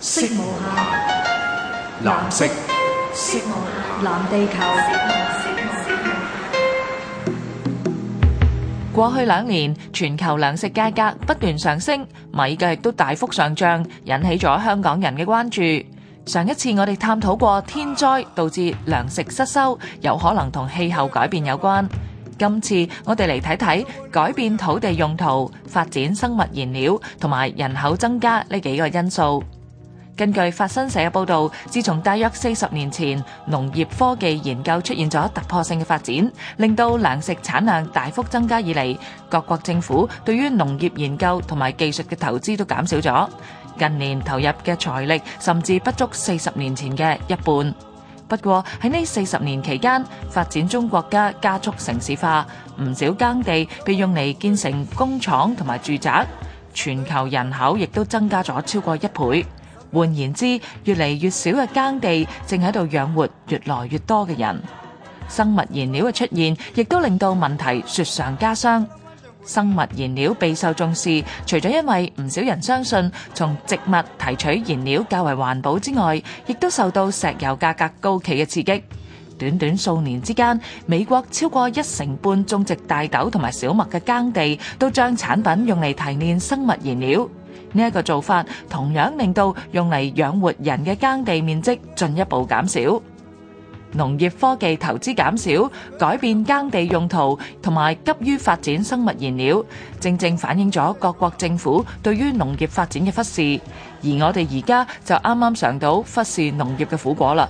色無限，藍色。色無限，藍地球。過去兩年，全球糧食價格不斷上升，米價亦都大幅上漲，引起咗香港人嘅關注。上一次我哋探討過天災導致糧食失收，有可能同氣候改變有關。今次我哋嚟睇睇改變土地用途、發展生物燃料同埋人口增加呢幾個因素。根據法新社嘅報導，自從大約四十年前，農業科技研究出現咗突破性嘅發展，令到糧食產量大幅增加以嚟，各國政府對於農業研究同埋技術嘅投資都減少咗。近年投入嘅財力甚至不足四十年前嘅一半。不過喺呢四十年期間，發展中國家加速城市化，唔少耕地被用嚟建成工廠同埋住宅，全球人口亦都增加咗超過一倍。換言之，越嚟越少嘅耕地，正喺度養活越來越多嘅人。生物燃料嘅出現，亦都令到問題雪上加霜。生物燃料備受重視，除咗因為唔少人相信從植物提取燃料較為環保之外，亦都受到石油價格高企嘅刺激。短短數年之間，美國超過一成半種植大豆同埋小麥嘅耕地都將產品用嚟提煉生物燃料。呢一個做法同樣令到用嚟養活人嘅耕地面積進一步減少，農業科技投資減少，改變耕地用途，同埋急於發展生物燃料，正正反映咗各國政府對於農業發展嘅忽視。而我哋而家就啱啱嘗到忽視農業嘅苦果啦。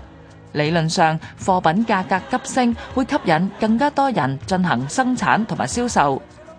理論上，貨品價格急升會吸引更加多人進行生產同埋銷售。